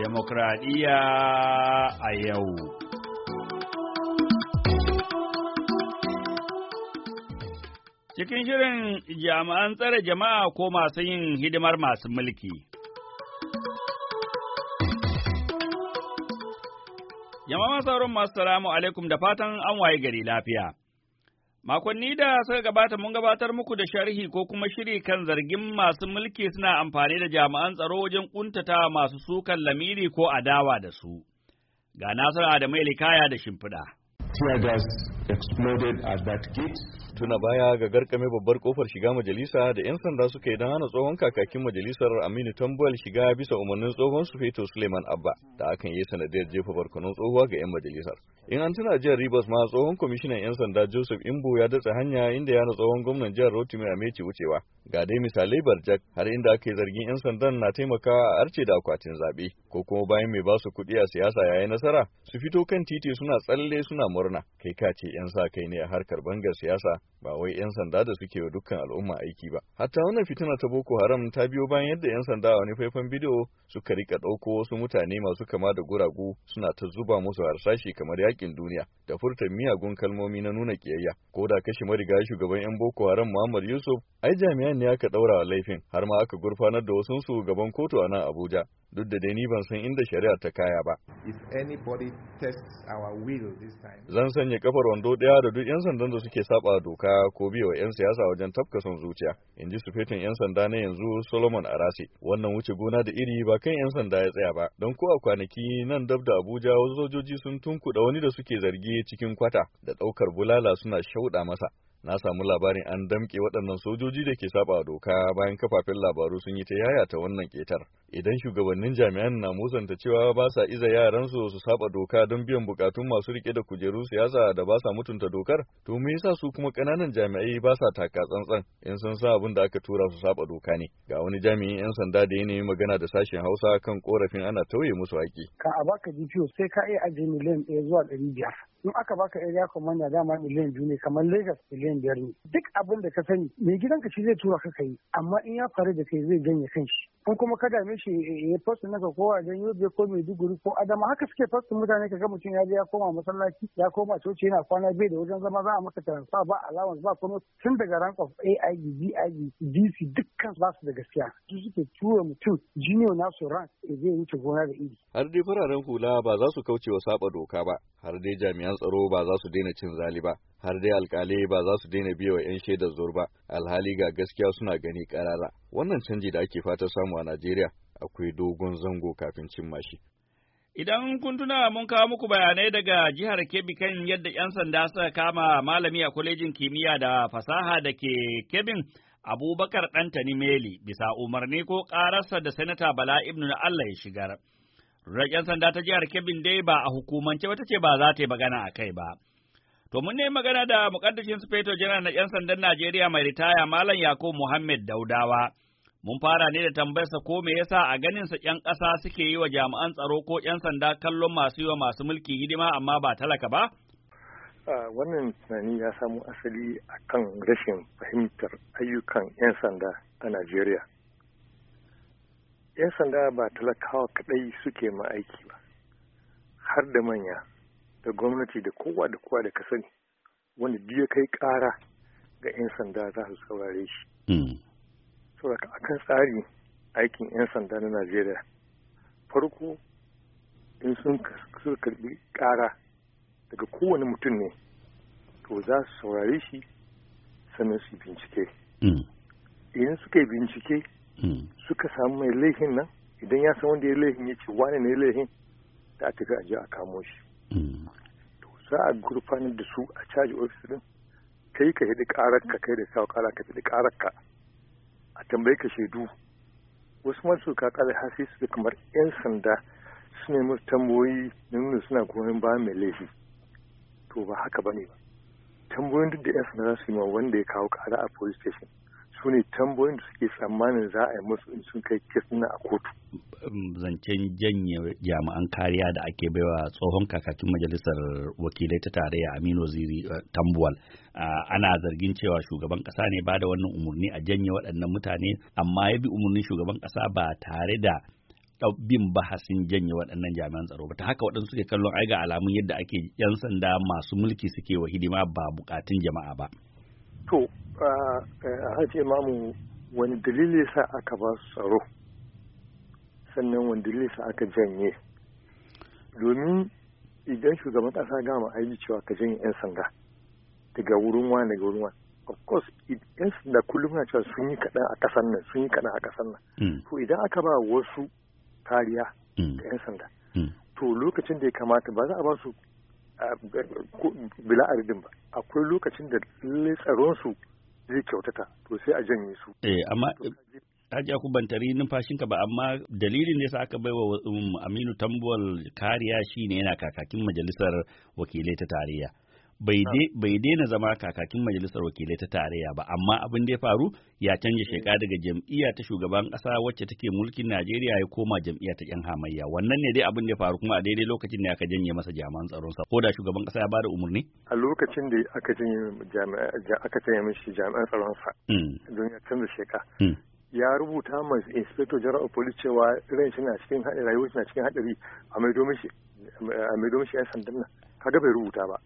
demokradiyya a yau. Cikin shirin jami'an tsare jama'a ko masu yin hidimar masu mulki. Jama'a sauran masu salamu alaikum da fatan an waye gari lafiya. Makonni da suka gabata mun gabatar muku da sharhi ko kuma shiri kan zargin masu mulki suna amfani da jami'an tsaro wajen ƙuntata masu sukan lamiri ko adawa da su. Ga Nasiru Adamu Likaya da Shimfiɗa. Tear gas exploded at that gate. tuna baya ga garkame babbar kofar shiga majalisa da 'yan sanda suka yi don hana tsohon kakakin majalisar Aminu Tambuwal shiga bisa umarnin tsohon su Feto Suleiman Abba da akan yi sanadiyar jefa barkonon tsohuwa ga 'yan majalisar. In an tuna jihar Rivers ma tsohon kwamishinan 'yan sanda Joseph Imbo ya datsa hanya inda ya na tsohon gwamnan jihar Rotimi a Ameci wucewa. Ga dai misalai barjak har inda aka yi zargin 'yan sandan na taimakawa a arce da akwatin zaɓe ko kuma bayan mai basu kuɗi a siyasa yayi nasara su fito kan titi suna tsalle suna murna kai ka ce 'yan sa kai ne a harkar bangar siyasa ba wai 'yan sanda da suke wa dukkan al'umma aiki ba. Hatta wannan fitina ta Boko Haram ta biyo bayan yadda 'yan sanda a wani faifan bidiyo suka rika ɗauko wasu mutane masu kama da guragu suna ta zuba musu harsashi kamar yakin duniya da furta miyagun kalmomi na nuna kiyayya. Ko da kashe mariga shugaban 'yan Boko Haram Muhammad Yusuf, ai jami'an ne aka ɗaura wa laifin har ma aka gurfanar da su gaban kotu a nan Abuja. duk da dai ni ban san inda shari'a ta kaya ba. Zan sanya kafar wando ɗaya da duk 'yan sandan da suke saba doka. doka ko wa 'yan siyasa wajen tafka son zuciya in ji su sufetin 'yan sanda na yanzu solomon arase wannan wuce gona da iri ba kan 'yan sanda ya tsaya ba don ko a kwanaki nan dab da abuja wasu sojoji sun tunkuɗa wani da suke zargi cikin kwata da ɗaukar bulala suna shauɗa masa na samu labarin an damƙe waɗannan sojoji da ke saba doka bayan kafafen labaru sun yi ta yaya ta wannan ƙetar idan shugabannin jami'an na musanta cewa ba sa iza yaransu su saba doka don biyan bukatun masu rike da kujeru siyasa da ba sa mutunta dokar to me yasa su kuma ƙananan jami'ai ba sa taka tsantsan in sun sa abin da aka tura su saba doka ne ga wani jami'in yan sanda da ya nemi magana da sashen Hausa kan korafin ana tauye musu haƙi ka a baka sai ka iya ajiye miliyan ɗaya zuwa ɗari biyar in aka baka area commander dama miliyan biyu ne kamar Lagos miliyan biyar ne duk abin da ka sani mai gidanka shi zai tura ka kai amma in ya faru da kai zai janye kanshi ko kuma ka dame shi eh, ya fasta naka ko a jan ko maiduguri ko adama haka suke fasta mutane ka ga mutum ya je ya koma masallaci ya koma coci yana kwana bai da wajen zama za a maka taransa ba allowance ba kuma tun daga rank of aig vig dc dukkan ba su da gaskiya su suke tura mutum junior nasu rank ya zai wuce gona da iri. har dai fararen hula ba za su kauce wa saba doka ba har dai jami'an tsaro ba za su daina cin zali ba har dai alkalai ba za su daina biya wa 'yan shaidar zur ba alhali ga gaskiya suna gani karara wannan canji da ake fata samu a najeriya akwai dogon zango kafin cin mashi Idan kun tuna mun kawo muku bayanai daga jihar Kebbi kan yadda 'yan sanda suka kama malami a kwalejin kimiyya da fasaha da ke Kebbin Abubakar Ɗantani Meli bisa umarni ko ƙararsa da Sanata Bala Ibnu na Allah ya shigar. Rurar 'yan sanda ta jihar Kebbin dai ba a hukumance wata ce ba za ta yi magana a kai ba. To mun ne magana da mukaddashin Sufeto Janar na 'yan sandan Najeriya mai ritaya Malam Yakubu Muhammad Daudawa. Mun fara ne da tambayarsa ko me yasa a ganin sa 'yan ƙasa suke yi wa jami'an tsaro ko 'yan sanda kallon masu yi masu mulki hidima amma ba talaka ba? Wannan tunani ya samu asali a kan rashin fahimtar ayyukan 'yan sanda a Najeriya. 'Yan sanda ba talakawa kaɗai suke ma aiki ba, har da manya. da gwamnati da kowa da kowa da ka sani wanda duk ya kai ƙara ga 'yan sanda za su saurare shi. Hmm. Saboda kan tsari aikin 'yan sanda na Najeriya farko in sun karbi ƙara daga kowane mutum ne to za su saurare shi sannan su bincike. Hmm. Idan suka yi bincike hmm. suka samu mai laifin nan idan ya san wanda ya laifin ya ce wane ne laifin da a tafi a je a kamo shi. za a gurfanar da su a caji ofis din kai ka hidi karar kai da sau kara ka hidi karar a tambayi ka shaidu wasu masu kakar hasi su kamar yan sanda su ne musu tambayoyi na nuna suna goyon bayan mai laifi to ba haka ba ne ba tambayoyin duk da yan sanda za su yi ma wanda ya kawo kara a police station su ne tambayoyin da suke tsammanin za a yi musu in sun kai kes a kotu. Zancen janye jami'an kariya da ake baiwa tsohon kakakin majalisar wakilai ta tarayya Aminu Ziri eh, Tambuwal. Ana zargin cewa shugaban kasa ne ba da wannan umarni a janye waɗannan mutane amma ya bi umarnin shugaban kasa ba tare da bin bahasin janye waɗannan jami'an tsaro ba ta haka waɗansu suke kallon ai alamun yadda ake yan sanda masu mulki suke wa hidima ba bukatun jama'a ba. To a ce mamu wani dalili sa aka ba su tsaro sannan wani dalili sa aka janye domin idan shugaban ƙasa gama aiki cewa ka janye 'yan sanda daga wurin wani daga wurin wani of course yan sanda kullum na cewa sun yi kaɗan a ƙasar nan sun yi kaɗan a ƙasar nan hmm. to idan aka ba wasu kariya hmm. ga yan sanda hmm. to lokacin da ya kamata ba za a ba su bila ba akwai lokacin da tsaron su zai kyautata to sai a janye su. Eh amma ku ban tari numfashinka ba amma dalilin da yasa aka bai wa um, Aminu Tambuwal kariya shine yana kakakin majalisar wakilai ta tarayya. bai daina zama kakakin majalisar wakilai ta tarayya ba amma abin da ya faru ya canja sheka daga jam'iyya ta shugaban kasa wacce take mulkin Najeriya ya koma jam'iyya ta yan hamayya wannan ne dai abin da ya faru kuma a daidai lokacin da aka janye masa jami'an tsaron sa ko da shugaban kasa ya bada umarni a lokacin da aka janye aka janye mishi jami'an tsaron sa hmm. don ya canza sheka hmm. ya rubuta ma inspector general of police cewa ran shi na cikin hadari rayuwar shi na cikin hadari a domin mishi a domin shi ya sandan nan kaga bai rubuta ba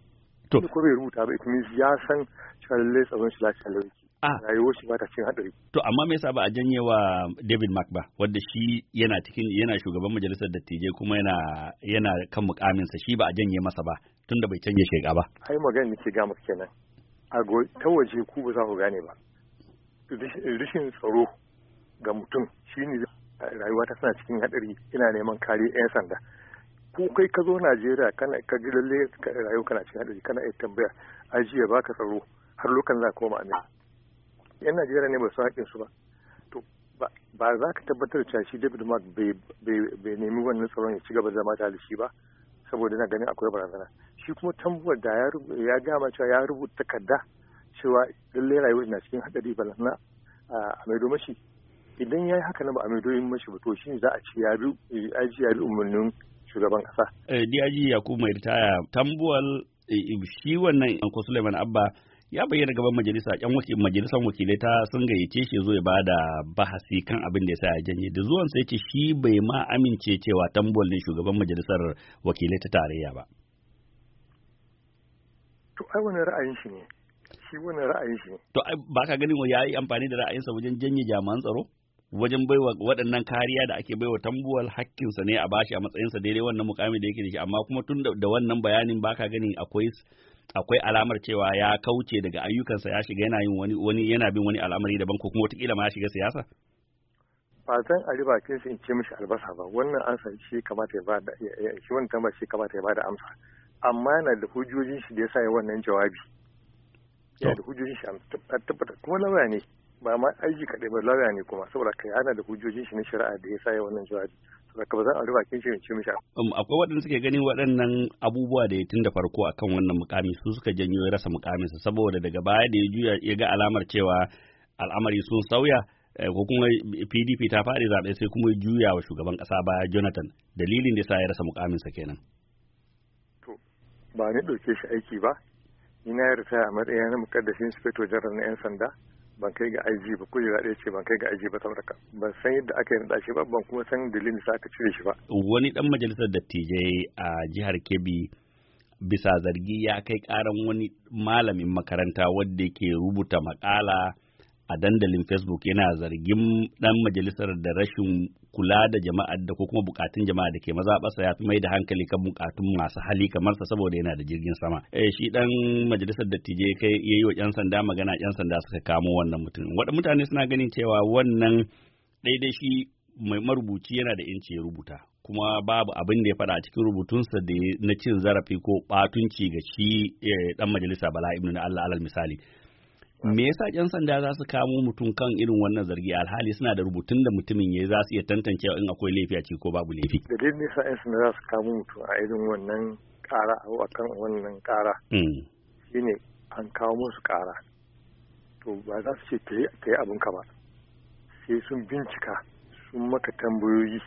to ko bai rubuta ba ita ya san cewa lallai tsaron shi lafiya lau ah. rayuwar shi ba ta cin haɗari. To amma me yasa ba a janye wa David Mark ba wanda shi yana cikin yana shugaban majalisar dattijai kuma yana yana kan mukaminsa shi ba a janye masa ba tunda bai canje shiga ba. Ai magana nake ga maka kenan. A ta waje ku ba za ku gane ba. Rishin tsaro ga mutum shine rayuwa ta tana cikin hadari ina neman kare 'yan sanda. ko kai ka zo Najeriya kana ka ji lalle rayuwa kana cikin hadari kana iya tambaya ajiya baka tsaro har lokacin za ka koma Amerika yan Najeriya ne ba su haƙin su ba to ba za ka tabbatar da cewa shi David Mark bai nemi wannan tsaron ya ci gaba zama da shi ba saboda na ganin akwai barazana shi kuma tambuwar da ya gama cewa ya rubuta takarda cewa lallai rayuwar na cikin hadari ba na a maido mashi idan ya yi haka na ba a maido mashi ba to shi za a ci ya bi umarnin shugaban kasa. Eh, DIG Yakubu mai ritaya tambuwal eh, eh, shi wannan Anko Suleiman Abba ya bayyana gaban majalisa Ƴan majalisar wakilai ta sun gayyace shi zo ya ba da bahasi kan abin da ya sa ya janye da zuwan sai ce shi bai ma amince cewa tambuwal ne shugaban majalisar wakilai ta tarayya ba. To ai wani ra'ayin shi ne. Shi wani ra'ayin shi ne. To ba ka ganin ya yi amfani da ra'ayinsa wajen janye jami'an tsaro? wajen baiwa waɗannan kariya da ake baiwa tambuwal hakkinsa ne a bashi a matsayinsa daidai wannan mukami da yake da shi amma kuma tun da wannan bayanin baka gani akwai akwai alamar cewa ya kauce daga ayyukansa ya shiga yana yin wani wani yana bin wani al'amari daban ko kuma wataƙila ma ya shiga siyasa fatan a riba ke shi in ce mishi albasa ba wannan ansa shi kamata ya ba da shi wannan tambayar shi kamata ya ba da amsa amma yana da hujojin shi da yasa ya wannan jawabi yana da hujojin shi a tabbata kuma lauya ne ba ma aiki kaɗai ba lauya ne kuma saboda kai ana da hujjojin shi na shari'a da ya sa wannan jawabi saboda ka ba zan a kin shi in um, akwai waɗanda suke ganin waɗannan abubuwa da ya tun da farko akan wannan mukami su suka janyo ya rasa mukaminsa saboda daga baya da ya juya ya ga alamar cewa al'amari sun sauya eh, ko kuma PDP ta faɗi zaɓe sai kuma juya wa shugaban ƙasa baya Jonathan dalilin da ya sa ya rasa mukamin sa kenan. To ba ni ɗauke shi aiki ba, ni na ya a matsayin mukaddashin Sufeto Jarar na 'yan sanda, ban kai ga IG ba ko ɗaya ce ban kai ga IG ba saboda ban san yadda aka yi shi ba ban kuma san dalilin sa aka cire shi ba wani dan majalisar dattijai a jihar Kebbi bisa zargi ya kai karan wani malamin makaranta wadda ke rubuta makala a dandalin Facebook yana zargin dan majalisar da rashin kula da jama'a da ko kuma bukatun jama'a da ke mazaɓarsa ya fi mai da hankali kan bukatun masu hali kamar sa saboda yana da jirgin sama eh shi dan majalisar dattijai kai ya yi wa yan sanda magana yan sanda suka kamo wannan mutum Wadda mutane suna ganin cewa wannan daidai shi mai marubuci yana da yanci ya rubuta kuma babu abin da ya faɗa a cikin rubutunsa da na cin zarafi ko batunci ga shi eh, ɗan majalisa bala ibn Allah alal misali me yasa yan sanda za su kamo mutum kan irin wannan zargi alhali suna da rubutun da mutumin ya za su iya tantance in akwai laifi a ciki ko babu laifi dalilin nisa ƴan sanda za su kamo mutum a irin wannan ƙara, ko akan wannan Shi mm. shine an kawo musu ƙara. to ba za su ce ta yi ka ba sai sun bincika sun maka tambayoyi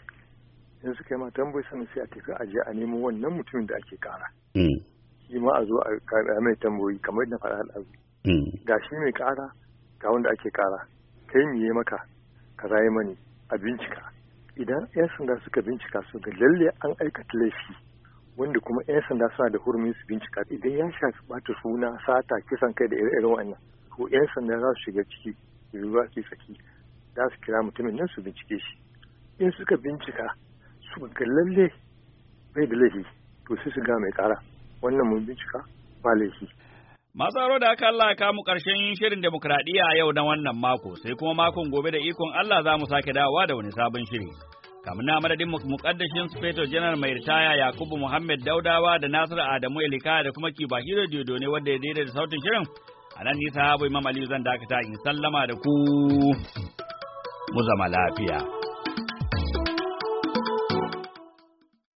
in suka yi ma tambayi sannan sai a tafi a je a nemo wannan mutumin da ake ƙara. Mm. shi ma a zo a mai tambayoyi kamar yadda faɗa al'adu Hmm. ga shi mai kara ga wanda ake kara kai mi yi maka ka raye mani a bincika idan 'yan sanda suka bincika su ga lalle an aikata laifi wanda kuma 'yan sanda suna da hurumin su bincika idan ya shafi bata suna sata kisan kai da irin wannan ko 'yan sanda za su shiga ciki ruwa ke saki za su kira mutumin nan su bincike shi in suka bincika su ga lalle bai da laifi to sai su ga mai kara wannan mun bincika ba laifi Masu da aka Allah ka mu ƙarshen shirin demokradiyya yau na wannan mako, sai kuma makon gobe da ikon Allah za mu sake dawowa da wani sabon shiri. Kamun na madadin mukaddashin Sufeto Janar mai ritaya Yakubu Muhammad Daudawa da Nasiru Adamu Elika da kuma da Rediyo ne wanda ya daidaita sautin shirin. A nan nisa Abu Imam Aliyu zan dakata in sallama da ku mu zama lafiya.